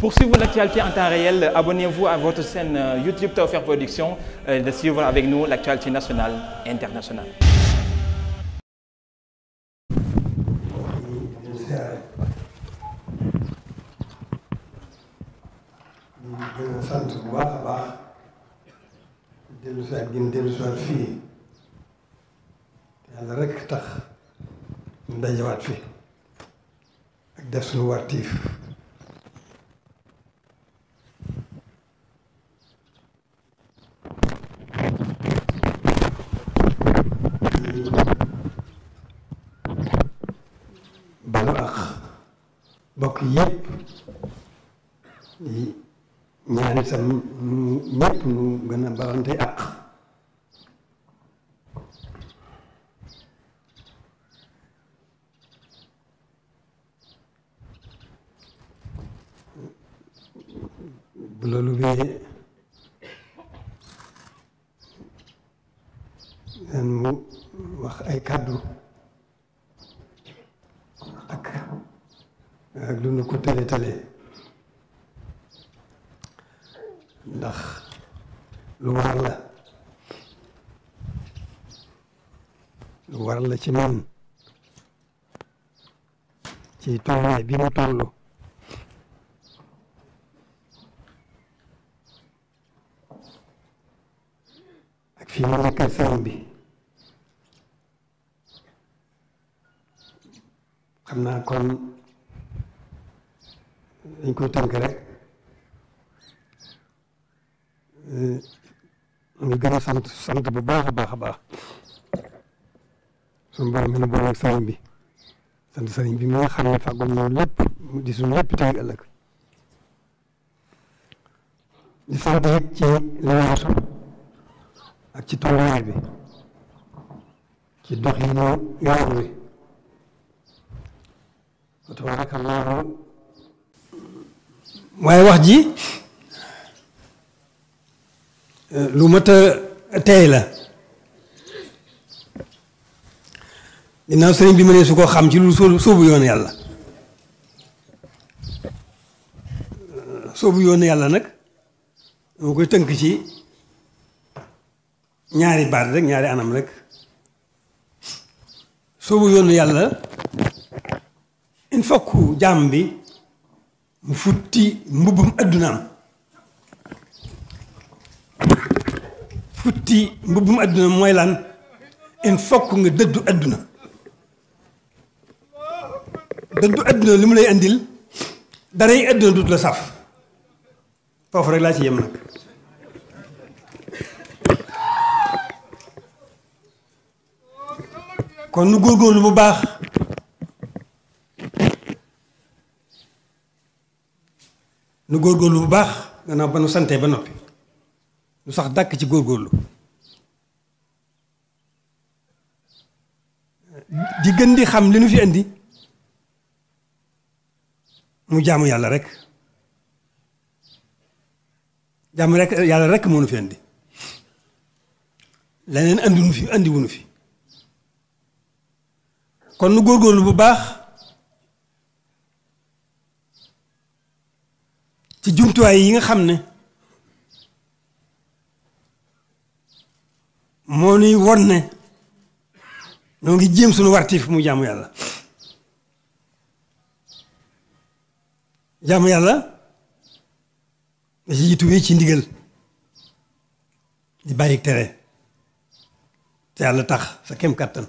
Pour suivre l'actualité en temps réel, abonnez-vous à votre chaîne euh, YouTube Tawfekh Production euh, et de suivre avec nous l'actualité nationale et internationale. ñu gën a sant bu baax a baax dellu si ak gën dellu si waat fii yàlla rek tax ñu dajawaat fii ak def suñu wartiif yëpp ñaan itam nu ñëpp nu gën a balante àq bu bee dan wax ay kàddu duñu ko tële tële ndax lu war lu war ci man ci tollaay bi mu toll ak fii mu nekkal sëriñ bi kon dañ koy tënk rek eh, ngi sant sant bu baax a baax a baax suñu borom mi nu boole bi sant sëriñ bi mi nga xam ne fàggul noonu lépp di suñu lépp tey ëllëg di sant it ci li weesu ak ci tolluwaay bi ci dox yi ñu wi wa waaye wax ji lu mat a tey la ginnaaw sëriñ bi ma ne su ko xam ci lu sóobu yoon yàlla soobu yoon yàlla nag dama koy tënk ci ñaari baat rek ñaari anam rek sóobu yoon yàlla il faut que bi mu futti mbubbum addunaam futti mbubbum adduna mooy lan in fokk nga dëddu adduna dëddu adduna li mu lay andil dara yi adduna dut la saf foofu rek laa ci yem nag kon nu góorgóorlu bu baax nu góorgóorlu bu baax gannaaw ba nu santee ba noppi nu sax dàkk ci góorgóorlu di gën di xam li nu fi indi mu jaamu yàlla rek jaamu rek yàlla rek moo nu fi indi leneen andi nu fi kon nu góorgóorlu bu baax ci jumtuwaay yi nga xam ne moo nuy won ne noo ngi jéem suñu wartiif mu jàmm yàlla jaamu yàlla da ci jiitu wee ci ndigal di bàyyi tere te yàlla tax sa kem kàttan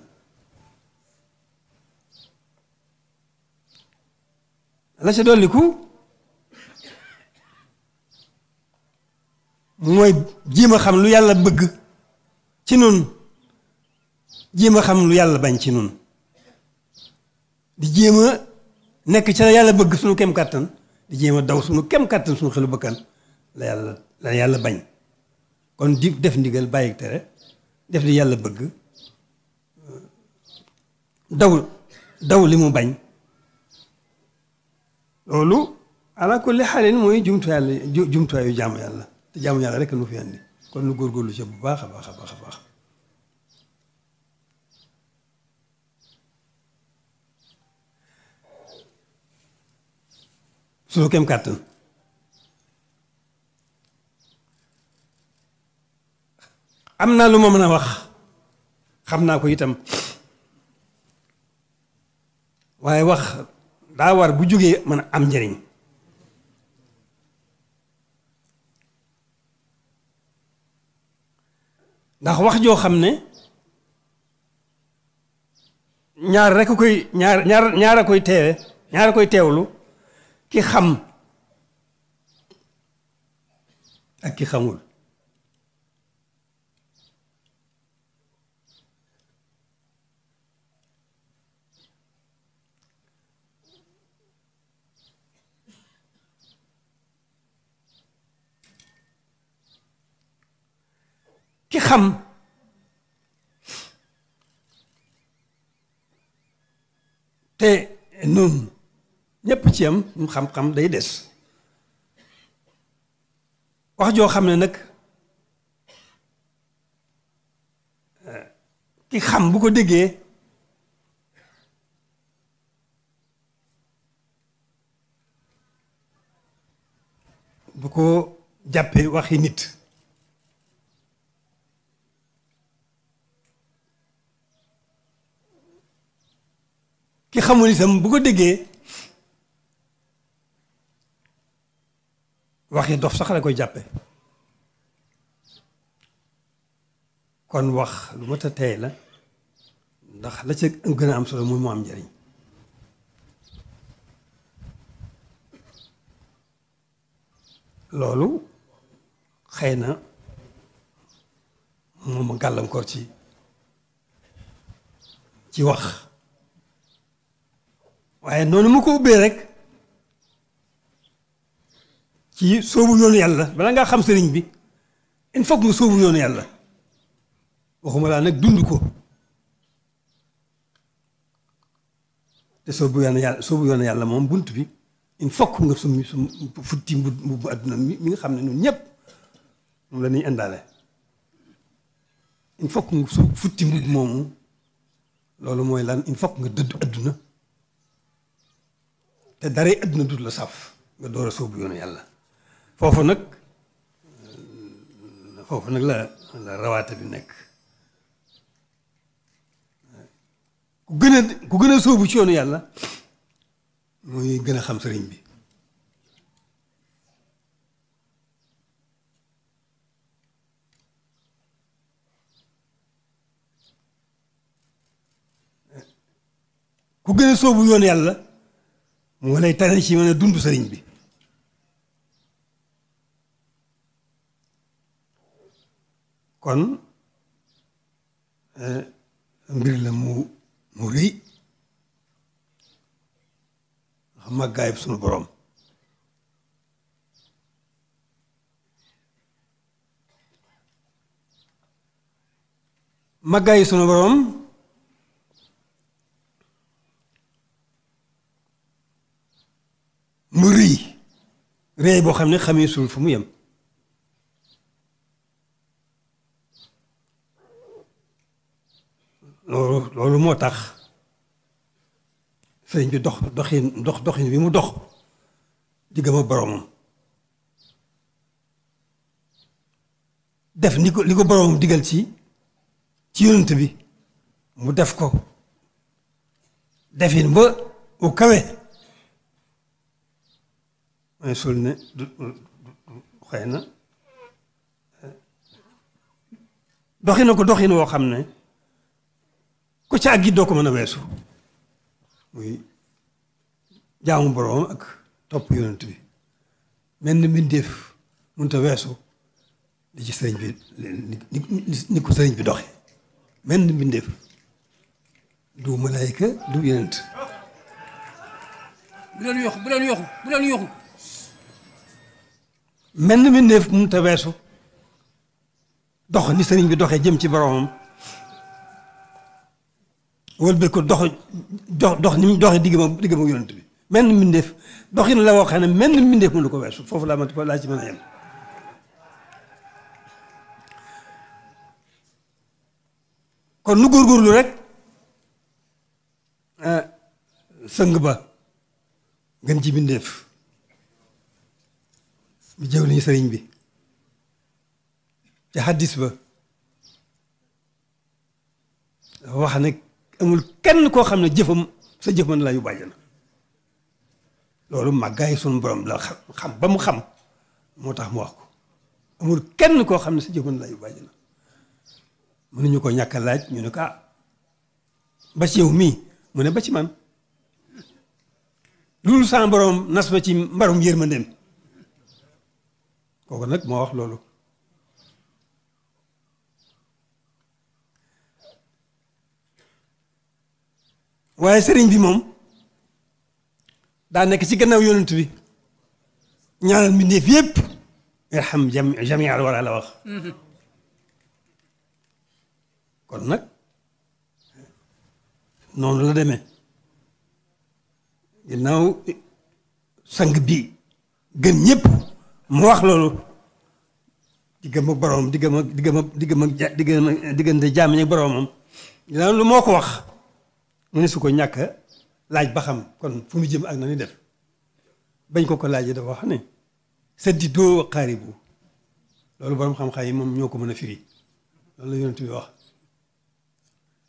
la ca dolliku mooy jéem a xam lu yàlla bëgg ci noonu jéem a xam lu yàlla bañ ci nun di jéem a nekk ca yàlla bëgg suñu kem kàttan di jéem a daw suñu kem kàttan suñu xelu bëkkan la yàlla bañ kon di def ndigal bàyyi tere def li yàlla bëgg daw daw li mu bañ loolu ala kulli xaalin mooy jumtu yàlla jumtuwaayu jaamu yàlla te jaamu yàlla rek nu fi kon nu góorgóorlu ci bu baax a baax a baax a baax sunu kem kàttan am naa lu ma mën a wax xam naa ko itam waaye wax daa war bu jógee mën a am njëriñ ndax wax joo xam ne ñaar rek koy ñaar ñaar ñaar a koy teewe ñaar a koy teewlu ki xam ak ki xamul ki xam te nun ñépp ci am xam-xam day des wax joo xam ne nag eh, ki xam bu ko déggee bu ko jàppee waxi nit ki xamul itam bu ko déggee wax yi sax la koy jàppe kon wax lu mat te tey la ndax la ca gën a am solo muy mu am njariñ loolu xëy na moom gàllankoor ci ci wax waaye noonu mu ko ubbee rek ci sóobu yoonu yàlla bala ngaa xam sëriñ bi il faut que nga sóobu yoonu yàlla waxuma laa dund ko te sóobu yoonu yàlla sóobu yoonu yàlla moom bunt bi il faut que nga sum sum futti mbubbu adduna mi nga xam ne ñun ñëpp moom la ñuy indaale il faut que nga futti mbubb moomu loolu mooy lan in faut nga dëdd adduna te dara adduna dut la saf nga door a sóobu yoonu yàlla foofu nag foofu nag la la rawaate bi nekk ku gën gën a sóobu ci yoonu yàlla muy gën a xam sëriñ bi ku gën a sóobu yoonu yàlla moo lay tane ci mën a dund sëriñ bi kon eh, mbir la mu mu rëy xam màggaay bi sunu borom màggaay sunu borom mu rëy rëy boo xam ne xamee suul fu mu yem loolu loolu moo tax sëriñ bi dox doxin dox doxin bi mu dox diggam ak boromam def ni ko li ko boromam digal ci ci yonent bi mu def ko defin ba u kawe sul ne du xëy na eh, doxi ko doxin woo xam ne ku ca ak gi doo ko mën a weesu muy jaamu borom ak topp yonent bi mel ni mbindeef mënut a weesu li ci sëriñ bi ni ko sëriñ bi doxe mel mbindeef du malaayka du yonent bu leen yoxu bu leen yoxu bu leen yoxu mel na mi néef mun te weesu dox ni sëriñ bi doxee jëm ci boromam wëlbati ko dox dox dox ni mu doxee digg ma digg ma yonent bi menn mbindeef doxin la woo xam ne menn mbindeef mënu ko weesu foofu laa ma laa ci mën a yem kon nu góorgóorlu rek eh, sëng ba gën ci mbindeef mu jëw liñu sëriñ bi ci xaddis ba wax ne amul kenn koo xam ne jëfam sa jëf mën la yu bàjjana loolu yi suñu borom la xam ba mu xam moo tax mu wax ko amul kenn koo xam ne sa jëf mën la yu bàjjana mënuñu ko ñàkk laaj ñu ne ko ah ba ci yow mii mu ne ba ci man loolu sama borom nas ma ci mbarum yërmandeem kooku nag moo wax loolu waaye sëriñ bi moom daa nekk ci gannaaw yonent bi ñaanal mbindéef yépp irham jamial wara la wax kon nag noonu la demee ginnaaw sang bi gën ñépp mu wax loolu diggam ak boroomam diggam ak diggam ak diggam ak ja diggante jaam ak boroomam lu moo ko wax mu ne su ko ñàkk laaj ba xam kon fu mu jëm ak na def bañ ko ko laajee dafa wax ne saddi doo bu loolu boroom xam-xam yi moom ñoo ko mën a firi loolu la yonent bi wax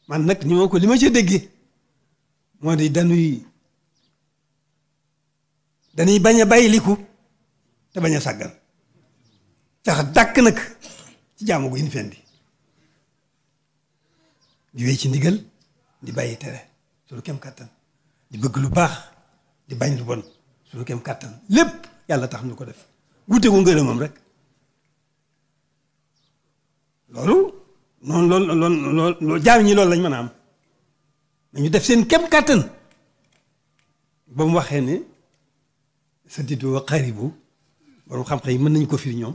man nag ni ma ko li ma ci déggee moo di dañuy dañuy bañ a bàyyiliku te bañ a sàggan tax dàkk nag ci jaamu gu ñu fendi di wéy ci ndigal di bàyyi tere suñu kem kàttan di bëgg lu baax di bañ lu bon suñu kem kàttan lépp yàlla tax ñu ko def wute ko moom rek loolu noonu loolu loolu loolu jaam ñi loolu lañ mën a am nañu def seen kem kàttan ba mu waxee ne sa didu xaribu borom xam-xam yi mën nañ ko firi ñoom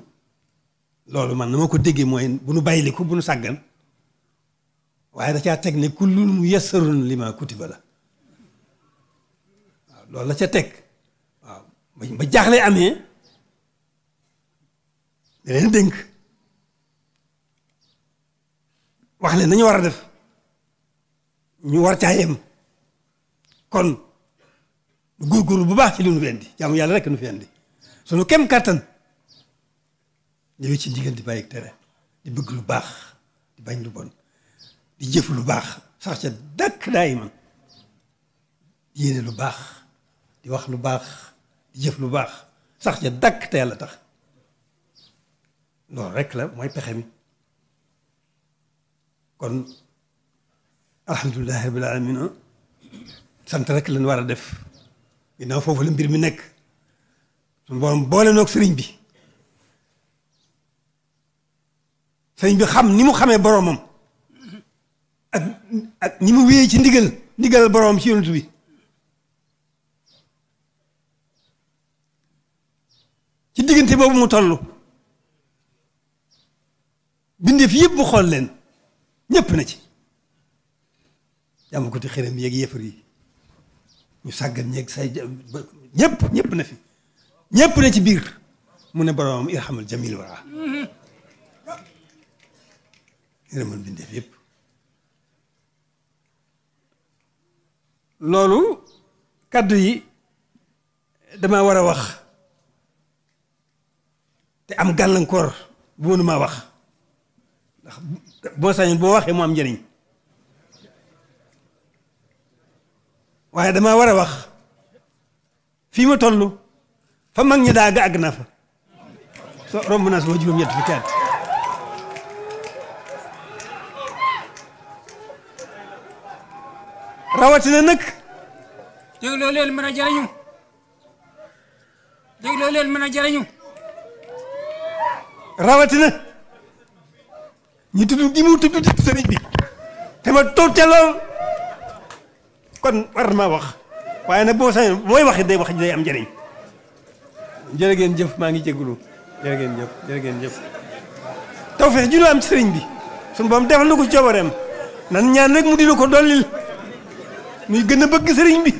loolu man na ma ko déggee mooy bu nu bàyyiliku bu nu sàggan waaye da caa teg ne kullun mu yassarun lima kutiba la waaw loolu la ca teg waaw ba jaaxle amee da leen wax leen nañu war a def ñu war caa yem kon góorgóorlu bu baax ci li nu fi indi jaamu yàlla rek nu fi sunu kem kàttan ñu ngi ci diggante di bàyyi tere di bëgg lu baax di bañ lu bon di jëf lu baax sax ca dàkk daay man di yéene lu baax di wax lu baax di jëf lu baax sax ca dàkk te yàlla tax loolu rek la mooy pexe mi kon bi la alamin sant rek lañ war a def ginnaaw foofu la mbir mi nekk suñu borom boole noog sëriñ bi sëriñ bi xam ni mu xamee boromam ak ak ni mu wéyee ci ndigal ndigal boromam ci yonent bi ci diggante boobu mu toll bindeef yëpp mu xool leen ñëpp na ci jàmm ko ti xërëm yeeg yëfar yi mu sàggan ñeeg say ñëpp na fi ñépp ne ci biir mu ne boroomam irhamal jamil wara yërëmal yépp loolu kàddu yi dama war a wax te am gàllankoor bu mënuma wax ndax boo sañoon boo waxee mu am njëriñ waaye dama war a wax fii ma toll fa mag ñi daa ga àgg naa fa so romb naa sama juróom-ñett fukki at rawatina nag dégloo leen mën a jariñu dégloo leen mën a jariñu rawatina ñu tudd gi mu bi te ma toog te lool kon war na maa wax waaye nag boo sañoon booy waxi day wax day am njëriñ jërë ngeen jëf maa ngi jégalu jërë ngeen jëf jërë ngeen ju ñu am sëriñ bi suñu boom defal na ko coobareem nan ñaan rek mu dina ko dollil muy gën a bëgg sëriñ bi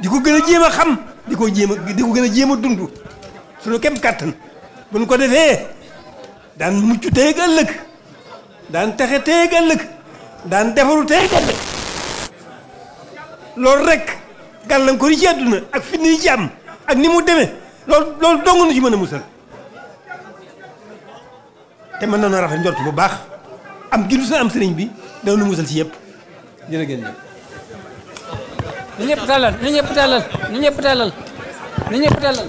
di ko gën a jéem a xam di ko jéem a di ko gën a jéem a dund suñu képp kàttan bu ñu ko defee daan mucc teeg ëllëg daan texe teeg ëllëg daan defaru teeg ëllëg loolu rek gàllankoor yi ci àdduna ak fitna yi ci am ak ni mu demee loolu loolu dong nu ci mën a musal te mën na rafet njort bu baax am gi lu sa am sëriñ bi dana nu musal ci yëpp jërë ngeen jëf nu ñëpp tàllal nu ñëpp tàllal nu ñëpp tàllal ñëpp tàllal